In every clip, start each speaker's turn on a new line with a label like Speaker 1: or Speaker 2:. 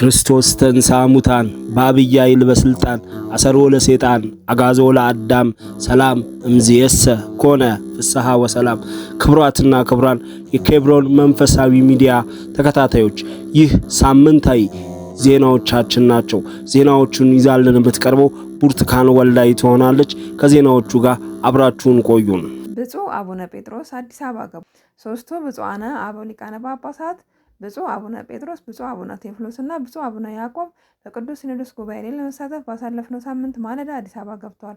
Speaker 1: ክርስቶስ ተንሳ ሙታን በአብይ ኃይል በስልጣን አሰሮ ለሰይጣን አጋዞ ለአዳም ሰላም እምዝየሰ ኮነ ፍስሐ ወሰላም። ክብራትና ክብሯን የኬብሮን መንፈሳዊ ሚዲያ ተከታታዮች ይህ ሳምንታዊ ዜናዎቻችን ናቸው። ዜናዎቹን ይዛልን የምትቀርበው ብርቱካን ወልዳይ ትሆናለች። ከዜናዎቹ ጋር አብራችሁን ቆዩን።
Speaker 2: ብፁዕ አቡነ ጴጥሮስ አዲስ አበባ ገቡ። ሶስቱ ብፁዓነ አበው ሊቃነ ጳጳሳት ብፁዕ አቡነ ጴጥሮስ፣ ብፁዕ አቡነ ቴዎፍሎስ እና ብፁዕ አቡነ ያዕቆብ በቅዱስ ሲኖዶስ ጉባኤ ላይ ለመሳተፍ ባሳለፍነው ሳምንት ማለዳ አዲስ አበባ ገብተዋል።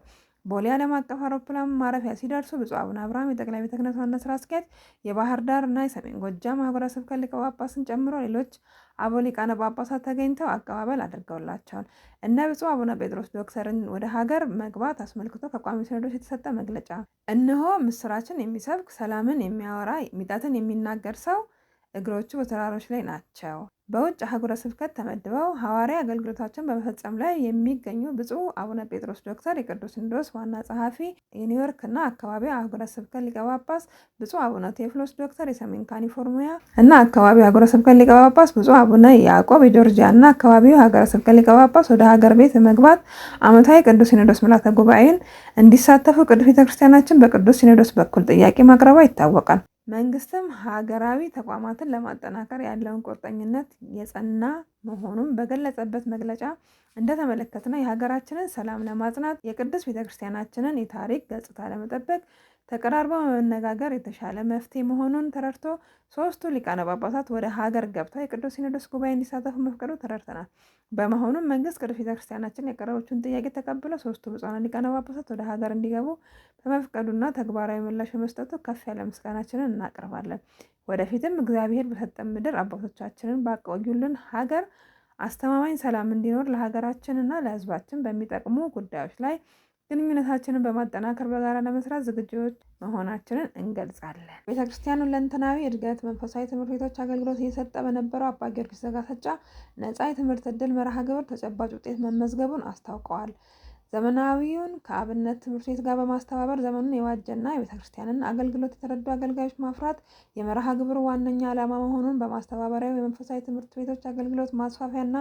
Speaker 2: ቦሌ ዓለም አቀፍ አውሮፕላን ማረፊያ ሲደርሱ ብፁዕ አቡነ አብርሃም የጠቅላይ ቤተ ክህነት ዋና ስራ አስኪያጅ፣ የባህር ዳር እና የሰሜን ጎጃም ሀገረ ስብከት ሊቀ ጳጳስን ጨምሮ ሌሎች አቦሊቃነ ሊቃነ ጳጳሳት ተገኝተው አቀባበል አድርገውላቸዋል። እነ ብፁዕ አቡነ ጴጥሮስ ዶክተርን ወደ ሀገር መግባት አስመልክቶ ከቋሚ ሲኖዶስ የተሰጠ መግለጫ። እነሆ ምስራችን የሚሰብክ ሰላምን የሚያወራ ሚጣትን የሚናገር ሰው እግሮቹ በተራሮች ላይ ናቸው። በውጭ አህጉረ ስብከት ተመድበው ሐዋሪ አገልግሎታቸውን በመፈጸም ላይ የሚገኙ ብፁዕ አቡነ ጴጥሮስ ዶክተር፣ የቅዱስ ሲኖዶስ ዋና ጸሐፊ፣ እና አካባቢው አህጉረ ስብከት ሊቀ ጳጳስ ብፁዕ አቡነ ቴዎፍሎስ ዶክተር፣ የሰሜን ካሊፎርኒያ እና አካባቢው አህጉረ ስብከት ሊቀ ጳጳስ ብፁዕ አቡነ ያዕቆብ፣ የጆርጂያ እና አካባቢው ሀገረ ስብከት ሊቀ ጳጳስ ወደ ሀገር ቤት መግባት ዓመታዊ ቅዱስ ሲኖዶስ ምልዓተ ጉባኤን እንዲሳተፉ ቅዱስ ቤተክርስቲያናችን በቅዱስ ሲኖዶስ በኩል ጥያቄ ማቅረቧ ይታወቃል። መንግስትም ሀገራዊ ተቋማትን ለማጠናከር ያለውን ቁርጠኝነት የጸና መሆኑን በገለጸበት መግለጫ እንደተመለከትነው የሀገራችንን ሰላም ለማጽናት፣ የቅድስት ቤተክርስቲያናችንን የታሪክ ገጽታ ለመጠበቅ ተቀራርበው በመነጋገር የተሻለ መፍትሄ መሆኑን ተረድቶ ሶስቱ ሊቃነ ጳጳሳት ወደ ሀገር ገብተው የቅዱስ ሲኖዶስ ጉባኤ እንዲሳተፉ መፍቀዱ ተረድተናል። በመሆኑም መንግስት ቅዱስ ቤተክርስቲያናችን ያቀረበችውን ጥያቄ ተቀብሎ ሶስቱ ብፁዓን ሊቃነ ጳጳሳት ወደ ሀገር እንዲገቡ በመፍቀዱና ተግባራዊ ምላሽ በመስጠቱ ከፍ ያለ ምስጋናችንን እናቀርባለን። ወደፊትም እግዚአብሔር በሰጠን ምድር አባቶቻችንን ባቆዩልን ሀገር አስተማማኝ ሰላም እንዲኖር ለሀገራችንና ለሕዝባችን በሚጠቅሙ ጉዳዮች ላይ ግንኙነታችንን በማጠናከር በጋራ ለመስራት ዝግጅቶች መሆናችንን እንገልጻለን። ቤተ ክርስቲያኑ ለንትናዊ እድገት መንፈሳዊ ትምህርት ቤቶች አገልግሎት እየሰጠ በነበረው አባ ጊዮርጊስ ዘጋስጫ ነጻ የትምህርት እድል መርሃ ግብር ተጨባጭ ውጤት መመዝገቡን አስታውቀዋል። ዘመናዊውን ከአብነት ትምህርት ቤት ጋር በማስተባበር ዘመኑን የዋጀና የቤተ ክርስቲያንን አገልግሎት የተረዱ አገልጋዮች ማፍራት የመርሃ ግብር ዋነኛ ዓላማ መሆኑን በማስተባበሪያው የመንፈሳዊ ትምህርት ቤቶች አገልግሎት ማስፋፊያና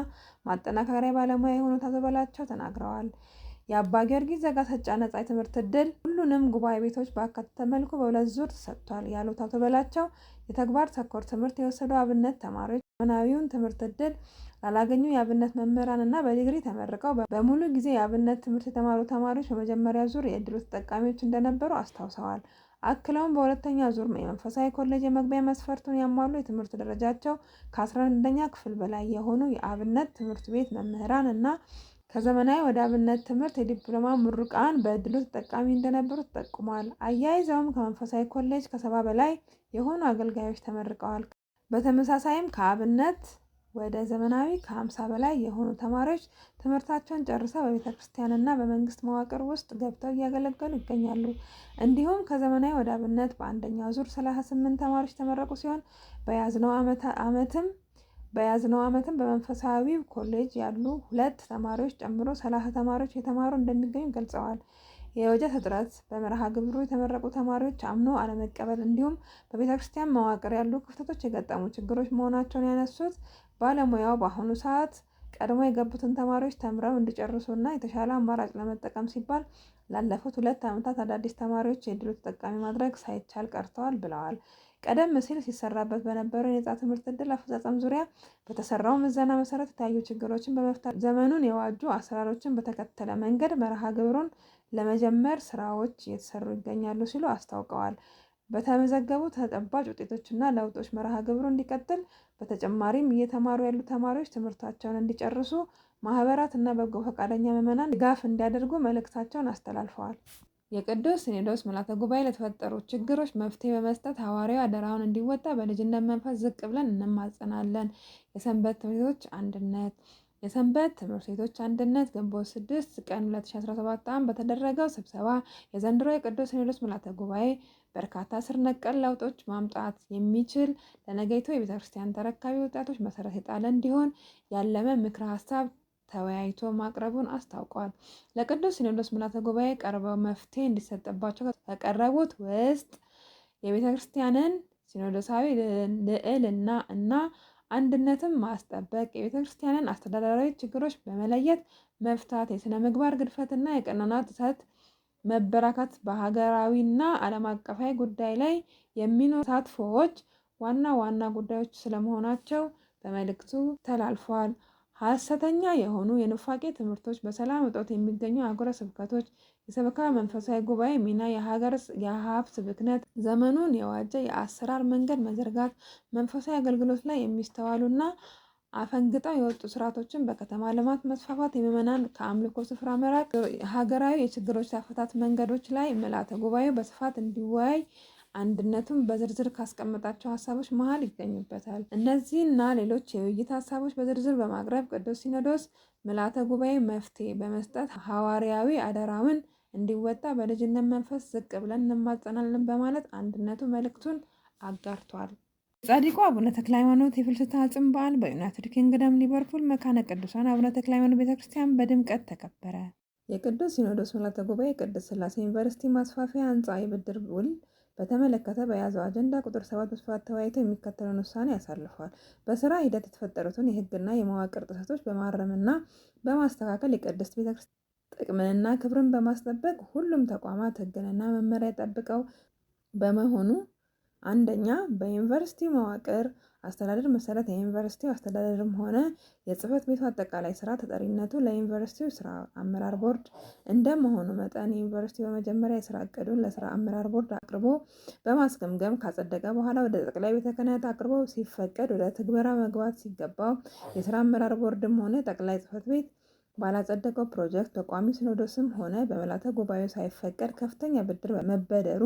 Speaker 2: ማጠናከሪያ ባለሙያ የሆኑት አቶ በላቸው ተናግረዋል። የአባ ጊዮርጊስ ዘጋስጫ ነጻ የትምህርት እድል ሁሉንም ጉባኤ ቤቶች በአካተተ መልኩ በሁለት ዙር ተሰጥቷል ያሉት አቶ በላቸው የተግባር ተኮር ትምህርት የወሰዱ አብነት ተማሪዎች ዘመናዊውን ትምህርት እድል። ላላገኙ የአብነት መምህራን እና በዲግሪ ተመርቀው በሙሉ ጊዜ የአብነት ትምህርት የተማሩ ተማሪዎች በመጀመሪያ ዙር የዕድሉ ተጠቃሚዎች እንደነበሩ አስታውሰዋል። አክለውም በሁለተኛ ዙር የመንፈሳዊ ኮሌጅ የመግቢያ መስፈርቱን ያሟሉ የትምህርት ደረጃቸው ከ11ኛ ክፍል በላይ የሆኑ የአብነት ትምህርት ቤት መምህራን እና ከዘመናዊ ወደ አብነት ትምህርት የዲፕሎማ ምሩቃን በዕድሉ ተጠቃሚ እንደነበሩ ተጠቁሟል። አያይዘውም ከመንፈሳዊ ኮሌጅ ከሰባ በላይ የሆኑ አገልጋዮች ተመርቀዋል። በተመሳሳይም ከአብነት ወደ ዘመናዊ ከ50 በላይ የሆኑ ተማሪዎች ትምህርታቸውን ጨርሰው ክርስቲያንና በመንግስት መዋቅር ውስጥ ገብተው እያገለገሉ ይገኛሉ። እንዲሁም ከዘመናዊ ወደ አብነት በአንደኛው ዙር 38 ተማሪዎች የተመረቁ ሲሆን በያዝነው ዓመትም በመንፈሳዊ ኮሌጅ ያሉ ሁለት ተማሪዎች ጨምሮ 30 ተማሪዎች የተማሩ እንደሚገኙ ገልጸዋል። የበጀት እጥረት፣ በመርሃ ግብሩ የተመረቁ ተማሪዎች አምኖ አለመቀበል እንዲሁም በቤተ ክርስቲያን መዋቅር ያሉ ክፍተቶች የገጠሙ ችግሮች መሆናቸውን ያነሱት ባለሙያው በአሁኑ ሰዓት ቀድሞ የገቡትን ተማሪዎች ተምረው እንዲጨርሱና የተሻለ አማራጭ ለመጠቀም ሲባል ላለፉት ሁለት ዓመታት አዳዲስ ተማሪዎች የእድሉ ተጠቃሚ ማድረግ ሳይቻል ቀርተዋል ብለዋል። ቀደም ሲል ሲሰራበት በነበረው የነጻ ትምህርት እድል አፈጻጸም ዙሪያ በተሰራው ምዘና መሰረት የተለያዩ ችግሮችን በመፍታት ዘመኑን የዋጁ አሰራሮችን በተከተለ መንገድ መርሃ ግብሩን ለመጀመር ስራዎች እየተሰሩ ይገኛሉ ሲሉ አስታውቀዋል። በተመዘገቡ ተጨባጭ ውጤቶችና ለውጦች መርሃ ግብሩ እንዲቀጥል በተጨማሪም እየተማሩ ያሉ ተማሪዎች ትምህርታቸውን እንዲጨርሱ ማህበራት እና በጎ ፈቃደኛ ምዕመናን ድጋፍ እንዲያደርጉ መልእክታቸውን አስተላልፈዋል። የቅዱስ ሲኖዶስ ምልዓተ ጉባኤ ለተፈጠሩ ችግሮች መፍትሄ በመስጠት ሐዋርያዊ አደራውን እንዲወጣ በልጅነት መንፈስ ዝቅ ብለን እንማጸናለን። የሰንበት ትምህርቶች አንድነት የሰንበት ትምህርት ቤቶች አንድነት ግንቦት 6 ቀን 2017 ዓ.ም በተደረገው ስብሰባ የዘንድሮ የቅዱስ ሲኖዶስ ምልዓተ ጉባኤ በርካታ ስር ነቀል ለውጦች ማምጣት የሚችል ለነገይቶ የቤተ ክርስቲያን ተረካቢ ወጣቶች መሰረት የጣለ እንዲሆን ያለመ ምክረ ሀሳብ ተወያይቶ ማቅረቡን አስታውቋል። ለቅዱስ ሲኖዶስ ምልዓተ ጉባኤ ቀርበው መፍትሄ እንዲሰጥባቸው ከቀረቡት ውስጥ የቤተ ክርስቲያንን ሲኖዶሳዊ ልዕልና እና አንድነትን ማስጠበቅ፣ የቤተ ክርስቲያንን አስተዳደራዊ ችግሮች በመለየት መፍታት፣ የሥነ ምግባር ግድፈትና የቀኖና ጥሰት መበራከት በሀገራዊና ዓለም አቀፋዊ ጉዳይ ላይ የሚኖሩ ተሳትፎዎች ዋና ዋና ጉዳዮች ስለመሆናቸው በመልእክቱ ተላልፏል። ሐሰተኛ የሆኑ የኑፋቄ ትምህርቶች፣ በሰላም እጦት የሚገኙ አህጉረ ስብከቶች፣ የሰበካ መንፈሳዊ ጉባኤ ሚና፣ የሀገር የሀብት ብክነት፣ ዘመኑን የዋጀ የአሰራር መንገድ መዘርጋት፣ መንፈሳዊ አገልግሎት ላይ የሚስተዋሉና አፈንግጠው የወጡ ስርዓቶችን በከተማ ልማት መስፋፋት፣ የምዕመናን ከአምልኮ ስፍራ መራቅ፣ ሀገራዊ የችግሮች አፈታት መንገዶች ላይ ምልዓተ ጉባኤው በስፋት እንዲወያይ አንድነቱን በዝርዝር ካስቀመጣቸው ሀሳቦች መሀል ይገኙበታል። እነዚህና ሌሎች የውይይት ሀሳቦች በዝርዝር በማቅረብ ቅዱስ ሲኖዶስ ምልዓተ ጉባኤ መፍትሔ በመስጠት ሐዋርያዊ አደራውን እንዲወጣ በልጅነት መንፈስ ዝቅ ብለን እንማጸናለን በማለት አንድነቱ መልእክቱን አጋርቷል። ጻድቁ አቡነ ተክለ ሃይማኖት የፍልሰታ አጽም በዓል በዩናይትድ ኪንግደም ሊቨርፑል መካነ ቅዱሳን አቡነ ተክለ ሃይማኖት ቤተ ክርስቲያን በድምቀት ተከበረ። የቅዱስ ሲኖዶስ ምልዓተ ጉባኤ ቅዱስ ስላሴ ዩኒቨርሲቲ ማስፋፊያ ህንፃ የብድር ውል በተመለከተ በያዘው አጀንዳ ቁጥር ሰባት በስፋት ተወያይተው የሚከተለውን ውሳኔ ያሳልፈዋል። በስራ ሂደት የተፈጠሩትን የህግና የመዋቅር ጥሰቶች በማረምና በማስተካከል የቅድስት ቤተክርስቲያን ጥቅምንና ክብርን በማስጠበቅ ሁሉም ተቋማት ህግንና መመሪያ ጠብቀው በመሆኑ አንደኛ በዩኒቨርሲቲ መዋቅር አስተዳደር መሰረት የዩኒቨርሲቲው አስተዳደርም ሆነ የጽህፈት ቤቱ አጠቃላይ ስራ ተጠሪነቱ ለዩኒቨርሲቲው ስራ አመራር ቦርድ እንደመሆኑ መጠን ዩኒቨርሲቲው በመጀመሪያ የስራ እቅዱን ለስራ አመራር ቦርድ አቅርቦ በማስገምገም ካጸደቀ በኋላ ወደ ጠቅላይ ቤተ ክህነት አቅርቦ ሲፈቀድ ወደ ትግበራ መግባት ሲገባው የስራ አመራር ቦርድም ሆነ ጠቅላይ ጽህፈት ቤት ባላጸደቀው ፕሮጀክት በቋሚ ሲኖዶስም ሆነ በመላተ ጉባኤው ሳይፈቀድ ከፍተኛ ብድር መበደሩ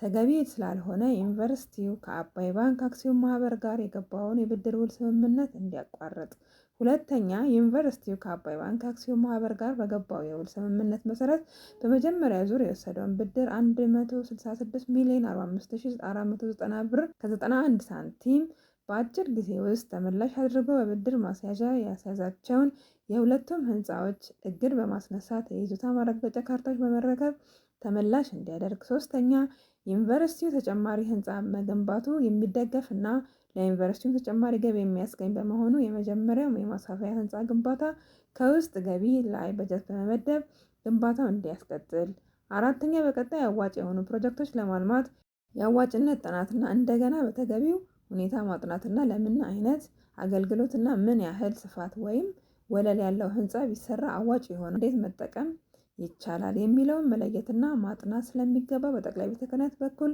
Speaker 2: ተገቢ ስላልሆነ ዩኒቨርሲቲው ከአባይ ባንክ አክሲዮን ማህበር ጋር የገባውን የብድር ውል ስምምነት እንዲያቋርጥ። ሁለተኛ ዩኒቨርሲቲው ከአባይ ባንክ አክሲዮን ማህበር ጋር በገባው የውል ስምምነት መሰረት በመጀመሪያ ዙር የወሰደውን ብድር 166 ሚሊዮን 45490 ብር ከ91 ሳንቲም በአጭር ጊዜ ውስጥ ተመላሽ አድርጎ በብድር ማስያዣ ያስያዛቸውን የሁለቱም ህንፃዎች እግድ በማስነሳት የይዞታ ማረጋገጫ ካርታዎች በመረከብ ተመላሽ እንዲያደርግ። ሶስተኛ ዩኒቨርሲቲው ተጨማሪ ህንፃ መገንባቱ የሚደገፍ እና ለዩኒቨርሲቲው ተጨማሪ ገቢ የሚያስገኝ በመሆኑ የመጀመሪያው የማስፋፊያ ህንፃ ግንባታ ከውስጥ ገቢ ላይ በጀት በመመደብ ግንባታው እንዲያስቀጥል፣ አራተኛ በቀጣይ አዋጭ የሆኑ ፕሮጀክቶች ለማልማት የአዋጭነት ጥናትና እንደገና በተገቢው ሁኔታ ማጥናትና ለምን አይነት አገልግሎትና ምን ያህል ስፋት ወይም ወለል ያለው ህንፃ ቢሰራ አዋጭ የሆነ እንዴት መጠቀም ይቻላል የሚለውን መለየትና ማጥናት ስለሚገባ በጠቅላይ ቤተ ክህነት በኩል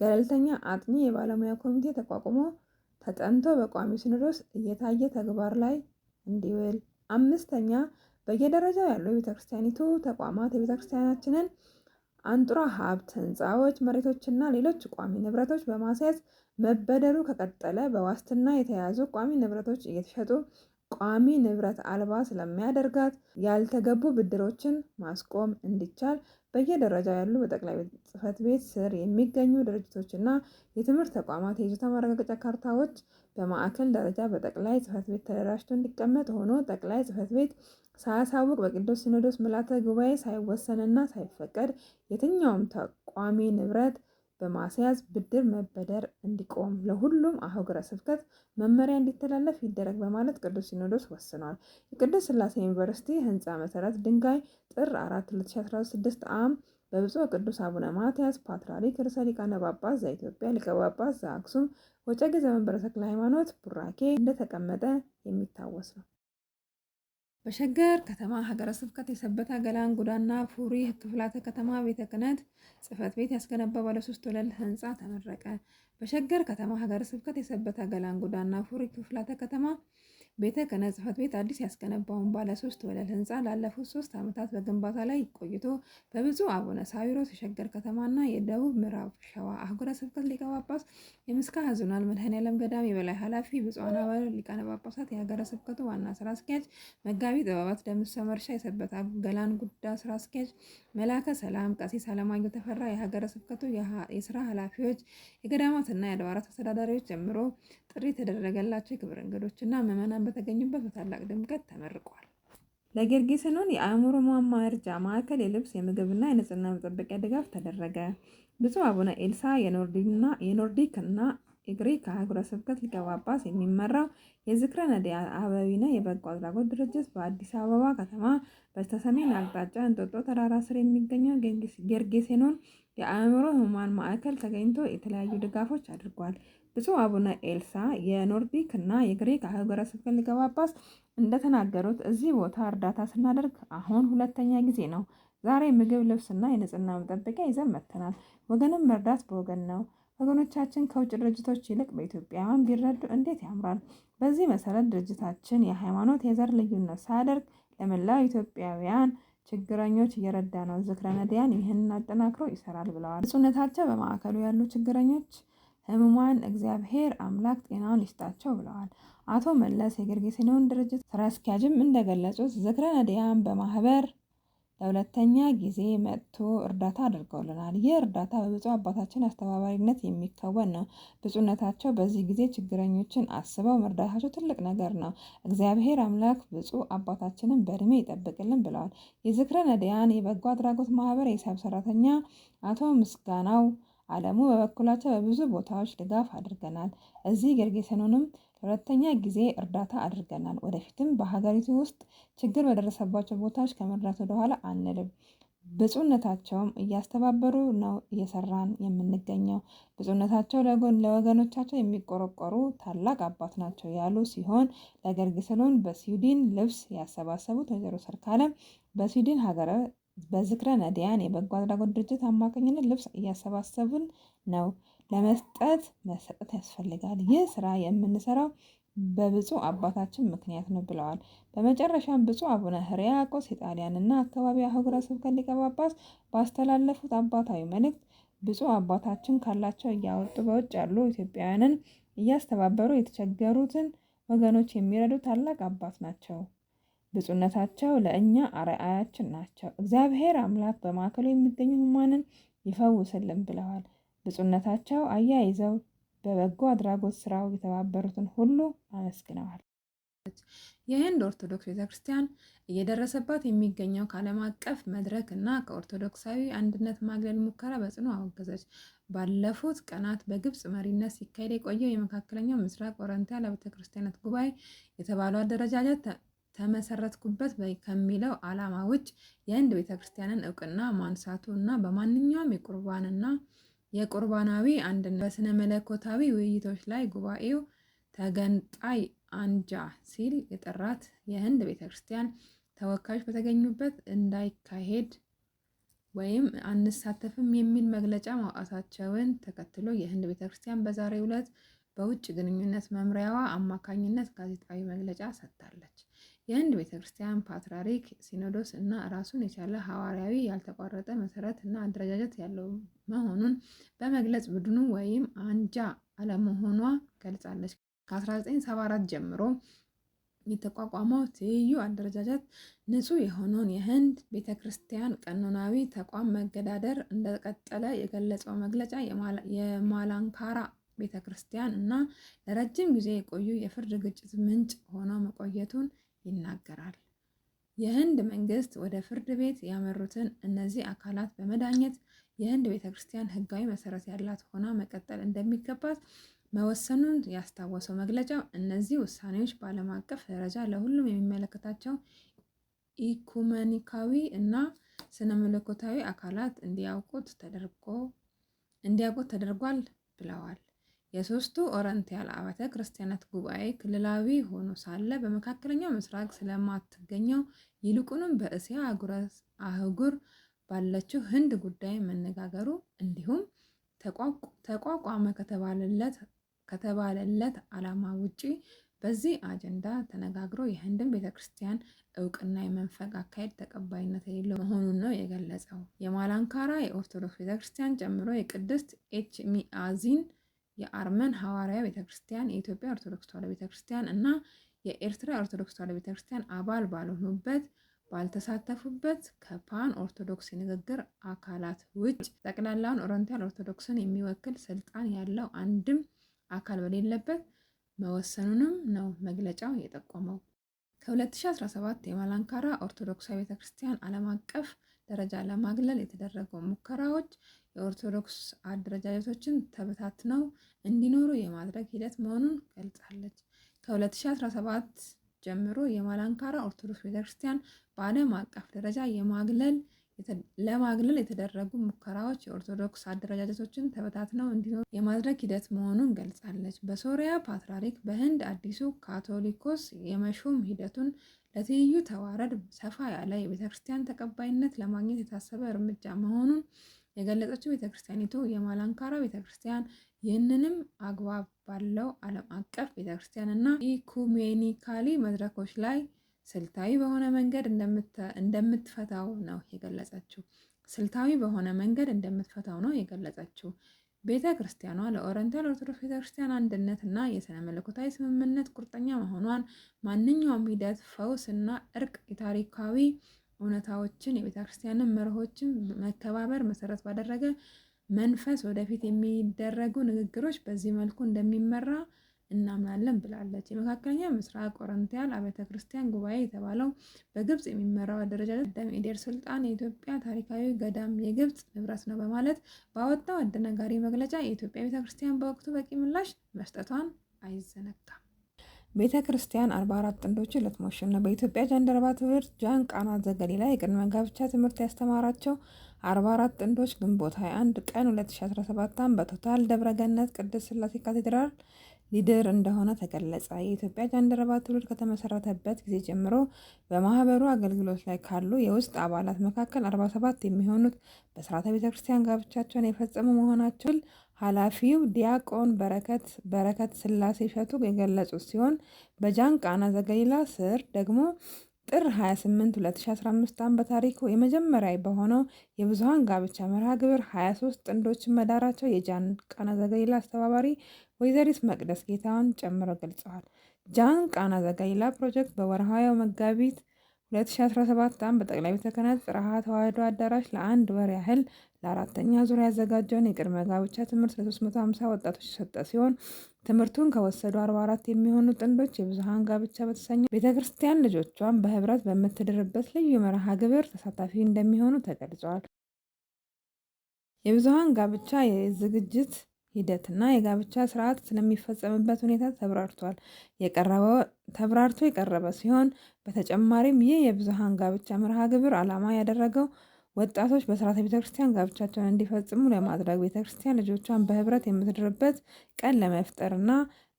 Speaker 2: ገለልተኛ አጥኚ የባለሙያ ኮሚቴ ተቋቁሞ ተጠንቶ በቋሚ ሲኖዶስ እየታየ ተግባር ላይ እንዲውል። አምስተኛ በየደረጃው ያሉ የቤተክርስቲያኒቱ ተቋማት የቤተክርስቲያናችንን አንጡራ ሀብት፣ ህንፃዎች፣ መሬቶችና ሌሎች ቋሚ ንብረቶች በማስያዝ መበደሩ ከቀጠለ በዋስትና የተያዙ ቋሚ ንብረቶች እየተሸጡ ቋሚ ንብረት አልባ ስለሚያደርጋት ያልተገቡ ብድሮችን ማስቆም እንዲቻል በየደረጃ ያሉ በጠቅላይ ጽፈት ቤት ስር የሚገኙ ድርጅቶችና የትምህርት ተቋማት የይዞታ ማረጋገጫ ካርታዎች በማዕከል ደረጃ በጠቅላይ ጽሕፈት ቤት ተደራጅቶ እንዲቀመጥ ሆኖ ጠቅላይ ጽሕፈት ቤት ሳያሳውቅ በቅዱስ ሲኖዶስ ምልዓተ ጉባኤ ሳይወሰንና ሳይፈቀድ የትኛውም ቋሚ ንብረት በማስያዝ ብድር መበደር እንዲቆም ለሁሉም አህጉረ ስብከት መመሪያ እንዲተላለፍ ይደረግ በማለት ቅዱስ ሲኖዶስ ወስኗል። የቅዱስ ስላሴ ዩኒቨርሲቲ ህንፃ መሰረት ድንጋይ ጥር 4 2016 ዓ.ም በብፁዕ ቅዱስ አቡነ ማትያስ ፓትርያርክ ርዕሰ ሊቃነ ጳጳስ ዘኢትዮጵያ ሊቀ ጳጳስ ዘአክሱም ወዕጨጌ ዘመንበረ ተክለ ሃይማኖት ቡራኬ እንደተቀመጠ የሚታወስ ነው። በሸገር ከተማ ሀገረ ስብከት የሰበታ ገላን ጉዳና ፉሪ ክፍላተ ከተማ ቤተ ክህነት ጽሕፈት ቤት ያስገነባ ባለሶስት ወለል ህንፃ ተመረቀ። በሸገር ከተማ ሀገረ ስብከት የሰበታ ገላን ጉዳና ፉሪ ክፍላተ ከተማ ቤተ ክህነት ጽሕፈት ቤት አዲስ ያስገነባውን ባለ ሶስት ወለል ህንፃ ላለፉት ሶስት ዓመታት በግንባታ ላይ ቆይቶ በብፁዕ አቡነ ሳዊሮስ የሸገር ከተማና የደቡብ ምዕራብ ሸዋ አህጉረ ስብከት ሊቀ ጳጳስ፣ የምስካ ኅዙናን መድኃኔዓለም ገዳም የበላይ ኃላፊ፣ ብፁዓን አበው ሊቃነ ጳጳሳት፣ የሀገረ ስብከቱ ዋና ስራ አስኪያጅ መጋቢ ጥበባት ደምሰ መርሻ፣ የሰበት ገላን ጉዳ ስራ አስኪያጅ መላከ ሰላም ቀሲስ አለማየሁ ተፈራ፣ የሀገረ ስብከቱ የስራ ኃላፊዎች፣ የገዳማትና የአድባራት አስተዳዳሪዎች ጀምሮ ጥሪ የተደረገላቸው የክብር እንግዶችና ምዕመናን በተገኙበት በታላቅ ድምቀት ተመርቋል። ለጌርጌሰኖን የአእምሮ ማማርጃ ማዕከል የልብስ የምግብና የንጽህና መጠበቂያ ድጋፍ ተደረገ። ብፁዕ አቡነ ኤልሳ የኖርዲክ እና የግሪክ አህጉረ ስብከት ሊቀ ጳጳስ የሚመራው የዝክረ ነዲያ አበዊነ የበጎ አድራጎት ድርጅት በአዲስ አበባ ከተማ በስተሰሜን አቅጣጫ እንጦጦ ተራራ ስር የሚገኘው ጌርጌሴኖን የአእምሮ ህሙማን ማዕከል ተገኝቶ የተለያዩ ድጋፎች አድርጓል። ብፁዕ አቡነ ኤልሳ የኖርዲክ እና የግሪክ ሀገረ ስብከት ሊቀ ጳጳስ እንደተናገሩት እዚህ ቦታ እርዳታ ስናደርግ አሁን ሁለተኛ ጊዜ ነው። ዛሬ ምግብ፣ ልብስና የንጽህና መጠበቂያ ይዘን መጥተናል። ወገንም መርዳት በወገን ነው። ወገኖቻችን ከውጭ ድርጅቶች ይልቅ በኢትዮጵያውያን ቢረዱ እንዴት ያምራል። በዚህ መሰረት ድርጅታችን የሃይማኖት የዘር ልዩነት ሳያደርግ ለመላው ኢትዮጵያውያን ችግረኞች እየረዳ ነው። ዝክረ ነዳያን ይህንን አጠናክሮ ይሰራል ብለዋል። ብፁዕነታቸው በማዕከሉ ያሉ ችግረኞች ህሙማን እግዚአብሔር አምላክ ጤናውን ይስጣቸው ብለዋል። አቶ መለስ የግርጌ ድርጅት ስራ አስኪያጅም እንደገለጹት ዝክረ ነዳያን በማህበር ለሁለተኛ ጊዜ መጥቶ እርዳታ አድርገውልናል። ይህ እርዳታ በብፁዕ አባታችን አስተባባሪነት የሚከወን ነው። ብፁዕነታቸው በዚህ ጊዜ ችግረኞችን አስበው መርዳታቸው ትልቅ ነገር ነው። እግዚአብሔር አምላክ ብፁዕ አባታችንን በእድሜ ይጠብቅልን ብለዋል። የዝክረ ነዳያን የበጎ አድራጎት ማህበር የሂሳብ ሰራተኛ አቶ ምስጋናው አለሙ በበኩላቸው በብዙ ቦታዎች ድጋፍ አድርገናል። እዚህ ጌርጌሴኖንም ሁለተኛ ጊዜ እርዳታ አድርገናል። ወደፊትም በሀገሪቱ ውስጥ ችግር በደረሰባቸው ቦታዎች ከመርዳት ወደኋላ አንልም። ብፁነታቸውም እያስተባበሩ ነው እየሰራን የምንገኘው። ብፁነታቸው ለወገኖቻቸው የሚቆረቆሩ ታላቅ አባት ናቸው ያሉ ሲሆን ለጌርጌሴኖን በስዊድን ልብስ ያሰባሰቡት ወይዘሮ ሰርካለም በስዊድን ሀገረ በዝክረ ነዳያን የበጎ አድራጎት ድርጅት አማካኝነት ልብስ እያሰባሰብን ነው። ለመስጠት መሰጠት ያስፈልጋል። ይህ ስራ የምንሰራው በብፁዕ አባታችን ምክንያት ነው ብለዋል። በመጨረሻም ብፁዕ አቡነ ሕርያቆስ የጣሊያንና አካባቢው አህጉረ ስብከት ሊቀ ጳጳስ ባስተላለፉት አባታዊ መልእክት ብፁዕ አባታችን ካላቸው እያወጡ በውጭ ያሉ ኢትዮጵያውያንን እያስተባበሩ የተቸገሩትን ወገኖች የሚረዱ ታላቅ አባት ናቸው። ብፁዕነታቸው ለእኛ አርአያችን ናቸው። እግዚአብሔር አምላክ በማዕከሉ የሚገኙ ሕሙማንን ይፈውስልን ብለዋል። ብፁዕነታቸው አያይዘው በበጎ አድራጎት ስራው የተባበሩትን ሁሉ አመስግነዋል። የህንድ ኦርቶዶክስ ቤተ ክርስቲያን እየደረሰባት የሚገኘው ከዓለም አቀፍ መድረክ እና ከኦርቶዶክሳዊ አንድነት ማግለል ሙከራ በጽኑ አወገዘች። ባለፉት ቀናት በግብፅ መሪነት ሲካሄድ የቆየው የመካከለኛው ምስራቅ ኦሪየንታል አብያተ ጉባኤ የተባለው አደረጃጀት ተመሰረትኩበት ከሚለው ዓላማ ውጭ የህንድ ቤተ ክርስቲያንን እውቅና ማንሳቱ እና በማንኛውም የቁርባንና የቁርባናዊ አንድነት በስነ መለኮታዊ ውይይቶች ላይ ጉባኤው ተገንጣይ አንጃ ሲል የጠራት የህንድ ቤተ ክርስቲያን ተወካዮች በተገኙበት እንዳይካሄድ ወይም አንሳተፍም የሚል መግለጫ ማውጣታቸውን ተከትሎ የህንድ ቤተ ክርስቲያን በዛሬው ዕለት በውጭ ግንኙነት መምሪያዋ አማካኝነት ጋዜጣዊ መግለጫ ሰጥታለች። የህንድ ቤተ ክርስቲያን ፓትርያርክ፣ ሲኖዶስ እና ራሱን የቻለ ሐዋርያዊ ያልተቋረጠ መሰረት እና አደረጃጀት ያለው መሆኑን በመግለጽ ቡድኑ ወይም አንጃ አለመሆኗ ገልጻለች። ከ1974 ጀምሮ የተቋቋመው ትይዩ አደረጃጀት ንጹህ የሆነውን የህንድ ቤተ ክርስቲያን ቀኖናዊ ተቋም መገዳደር እንደቀጠለ የገለጸው መግለጫ የማላንካራ ቤተ ክርስቲያን እና ለረጅም ጊዜ የቆዩ የፍርድ ግጭት ምንጭ ሆኖ መቆየቱን ይናገራል። የህንድ መንግስት ወደ ፍርድ ቤት ያመሩትን እነዚህ አካላት በመዳኘት የህንድ ቤተ ክርስቲያን ህጋዊ መሰረት ያላት ሆና መቀጠል እንደሚገባት መወሰኑን ያስታወሰው መግለጫው እነዚህ ውሳኔዎች በዓለም አቀፍ ደረጃ ለሁሉም የሚመለከታቸው ኢኩመኒካዊ እና ስነ መለኮታዊ አካላት እንዲያውቁት ተደርጓል ብለዋል። የሶስቱ ኦሪየንታል አብያተ ክርስቲያናት ጉባኤ ክልላዊ ሆኖ ሳለ በመካከለኛው ምስራቅ ስለማትገኘው ይልቁንም በእስያ አህጉር ባለችው ህንድ ጉዳይ መነጋገሩ እንዲሁም ተቋቋመ ከተባለለት ዓላማ ውጪ በዚህ አጀንዳ ተነጋግሮ የህንድን ቤተክርስቲያን እውቅና የመንፈግ አካሄድ ተቀባይነት የሌለው መሆኑን ነው የገለጸው። የማላንካራ የኦርቶዶክስ ቤተክርስቲያን ጨምሮ የቅድስት ኤችሚአዚን የአርመን ሐዋርያ ቤተክርስቲያን፣ የኢትዮጵያ ኦርቶዶክስ ተዋህዶ ቤተክርስቲያን እና የኤርትራ ኦርቶዶክስ ተዋህዶ ቤተክርስቲያን አባል ባልሆኑበት ባልተሳተፉበት ከፓን ኦርቶዶክስ የንግግር አካላት ውጭ ጠቅላላውን ኦሪየንታል ኦርቶዶክስን የሚወክል ስልጣን ያለው አንድም አካል በሌለበት መወሰኑንም ነው መግለጫው የጠቆመው። ከ2017 የማላንካራ ኦርቶዶክሳዊ ቤተክርስቲያን ዓለም አቀፍ ደረጃ ለማግለል የተደረገው ሙከራዎች የኦርቶዶክስ አደረጃጀቶችን ተበታትነው እንዲኖሩ የማድረግ ሂደት መሆኑን ገልጻለች። ከ2017 ጀምሮ የማላንካራ ኦርቶዶክስ ቤተክርስቲያን በዓለም አቀፍ ደረጃ የማግለል ለማግለል የተደረጉ ሙከራዎች የኦርቶዶክስ አደረጃጀቶችን ተበታትነው እንዲኖሩ የማድረግ ሂደት መሆኑን ገልጻለች። በሶሪያ ፓትርያርክ በህንድ አዲሱ ካቶሊኮስ የመሾም ሂደቱን ለትይዩ ተዋረድ ሰፋ ያለ የቤተክርስቲያን ተቀባይነት ለማግኘት የታሰበ እርምጃ መሆኑን የገለጸችው ቤተክርስቲያኒቱ የማላንካራ ቤተክርስቲያን ይህንንም አግባብ ባለው ዓለም አቀፍ ቤተክርስቲያን እና ኢኩሜኒካሊ መድረኮች ላይ ስልታዊ በሆነ መንገድ እንደምትፈታው ነው የገለጸችው። ስልታዊ በሆነ መንገድ እንደምትፈታው ነው የገለጸችው። ቤተ ክርስቲያኗ ለኦሪየንታል ኦርቶዶክስ ቤተ ክርስቲያን አንድነት እና የስነ መለኮታዊ ስምምነት ቁርጠኛ መሆኗን ማንኛውም ሂደት ፈውስ እና እርቅ የታሪካዊ እውነታዎችን የቤተክርስቲያንን መርሆችን መከባበር መሰረት ባደረገ መንፈስ ወደፊት የሚደረጉ ንግግሮች በዚህ መልኩ እንደሚመራ እናምናለን ብላለች። የመካከለኛ ምስራቅ ኦሪየንታል አብያተ ክርስቲያን ጉባኤ የተባለው በግብፅ የሚመራው አደረጃጀት ቀደም ኢዴር ስልጣን የኢትዮጵያ ታሪካዊ ገዳም የግብጽ ንብረት ነው በማለት ባወጣው አደናጋሪ መግለጫ የኢትዮጵያ ቤተክርስቲያን በወቅቱ በቂ ምላሽ መስጠቷን አይዘነጋም። ቤተ ክርስቲያን 44 ጥንዶችን ልትሞሽር ነው። በኢትዮጵያ ጃንደረባ ትምህርት ጃን ቃና ዘገሊ ላይ የቅድመ ጋብቻ ትምህርት ያስተማራቸው 44 ጥንዶች ግንቦት 21 ቀን 2017 ዓ.ም በቶታል ደብረገነት ቅድስት ስላሴ ካቴድራል ሊደር እንደሆነ ተገለጸ። የኢትዮጵያ ጃንደረባ ትውልድ ከተመሰረተበት ጊዜ ጀምሮ በማህበሩ አገልግሎት ላይ ካሉ የውስጥ አባላት መካከል 47 የሚሆኑት በስርዓተ ቤተ ክርስቲያን ጋብቻቸውን የፈጸሙ መሆናቸውን ኃላፊው ዲያቆን በረከት በረከት ስላሴ ሸቱ የገለጹት ሲሆን በጃን ቃና ዘገሊላ ስር ደግሞ ጥር 28 2015 ዓ.ም በታሪኩ የመጀመሪያ በሆነው የብዙሃን ጋብቻ መርሃ ግብር 23 ጥንዶችን መዳራቸው የጃን ቃና ዘገሊላ አስተባባሪ ወይዘሪት መቅደስ ጌታውን ጨምረው ገልጸዋል። ጃን ቃና ዘገሊላ ፕሮጀክት በወርሃዊ መጋቢት 2017 ዓ.ም በጠቅላይ ቤተ ክህነት ጽርሐ ተዋሕዶ አዳራሽ ለአንድ ወር ያህል ለአራተኛ ዙር ያዘጋጀውን የቅድመ ጋብቻ ትምህርት ለ350 ወጣቶች የሰጠ ሲሆን ትምህርቱን ከወሰዱ 44 የሚሆኑ ጥንዶች የብዙሃን ጋብቻ በተሰኘ ቤተ ክርስቲያን ልጆቿን በህብረት በምትድርበት ልዩ መርሃ ግብር ተሳታፊ እንደሚሆኑ ተገልጿል። የብዙኃን ጋብቻ ዝግጅት ሂደትና የጋብቻ ስርዓት ስለሚፈጸምበት ሁኔታ ተብራርቷል። ተብራርቶ የቀረበ ሲሆን በተጨማሪም ይህ የብዙሃን ጋብቻ መርሃ ግብር ዓላማ ያደረገው ወጣቶች በስርዓተ ቤተክርስቲያን ጋብቻቸውን እንዲፈጽሙ ለማድረግ ቤተክርስቲያን ልጆቿን በህብረት የምትድርበት ቀን ለመፍጠርና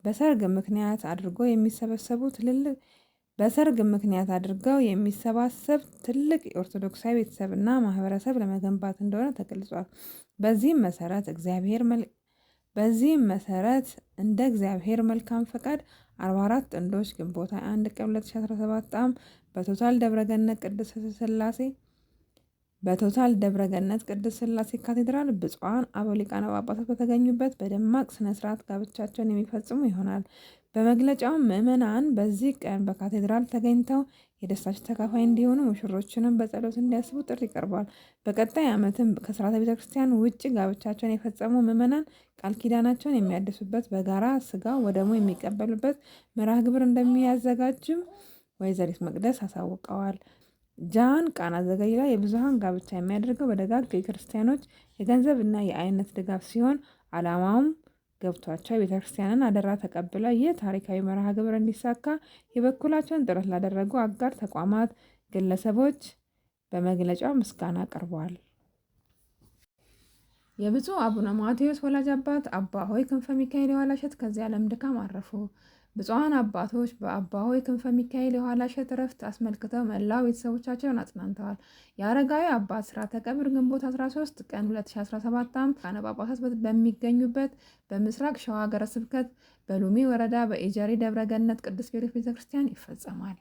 Speaker 2: በሰርግ ምክንያት አድርጎ የሚሰበሰቡ ትልልቅ በሰርግ ምክንያት አድርገው የሚሰባሰብ ትልቅ የኦርቶዶክሳዊ ቤተሰብና ማህበረሰብ ለመገንባት እንደሆነ ተገልጿል። በዚህም መሰረት እግዚአብሔር በዚህም መሰረት እንደ እግዚአብሔር መልካም ፈቃድ 44 ጥንዶች ግንቦት 21 ቀን 2017 ዓ.ም በቶታል ደብረገነት ገነት ቅድስተ ሥላሴ በቶታል ደብረገነት ቅድስት ስላሴ ካቴድራል ብፁዓን አበው ሊቃነ ጳጳሳት በተገኙበት በደማቅ ስነ ስርዓት ጋብቻቸውን የሚፈጽሙ ይሆናል። በመግለጫውም ምዕመናን በዚህ ቀን በካቴድራል ተገኝተው የደስታቸው ተካፋይ እንዲሆኑ ሙሽሮችንም በጸሎት እንዲያስቡ ጥሪ ቀርቧል። በቀጣይ ዓመትም ከስርዓተ ቤተ ክርስቲያን ውጭ ጋብቻቸውን የፈጸሙ ምዕመናን ቃል ኪዳናቸውን የሚያድሱበት፣ በጋራ ስጋ ወደሙ የሚቀበሉበት መርሃ ግብር እንደሚያዘጋጅም ወይዘሪት መቅደስ አሳውቀዋል። ጃን ቃና ዘገሊላ የብዙኃን ጋብቻ የሚያደርገው በደጋግ የክርስቲያኖች የገንዘብ እና የአይነት ድጋፍ ሲሆን አላማውም ገብቷቸው የቤተክርስቲያንን አደራ ተቀብለው ይህ ታሪካዊ መርሃ ግብር እንዲሳካ የበኩላቸውን ጥረት ላደረጉ አጋር ተቋማት፣ ግለሰቦች በመግለጫው ምስጋና ቀርበዋል። የብፁዕ አቡነ ማቴዎስ ወላጅ አባት አባ ሆይ ክንፈ ሚካኤል የዋላሸት ከዚህ ዓለም ድካም አረፉ። ብፁዓን አባቶች በአባ ሆይ ክንፈ ሚካኤል የኋላሸት እረፍት አስመልክተው መላው ቤተሰቦቻቸውን አጽናንተዋል። የአረጋዊ አባት ስራ ቀብር ግንቦት 13 ቀን 2017 ዓ.ም ጳጳሳት በሚገኙበት በምስራቅ ሸዋ ሀገረ ስብከት በሉሚ ወረዳ በኤጀሬ ደብረ ገነት ቅዱስ ጊዮርጊስ ቤተክርስቲያን ይፈጸማል።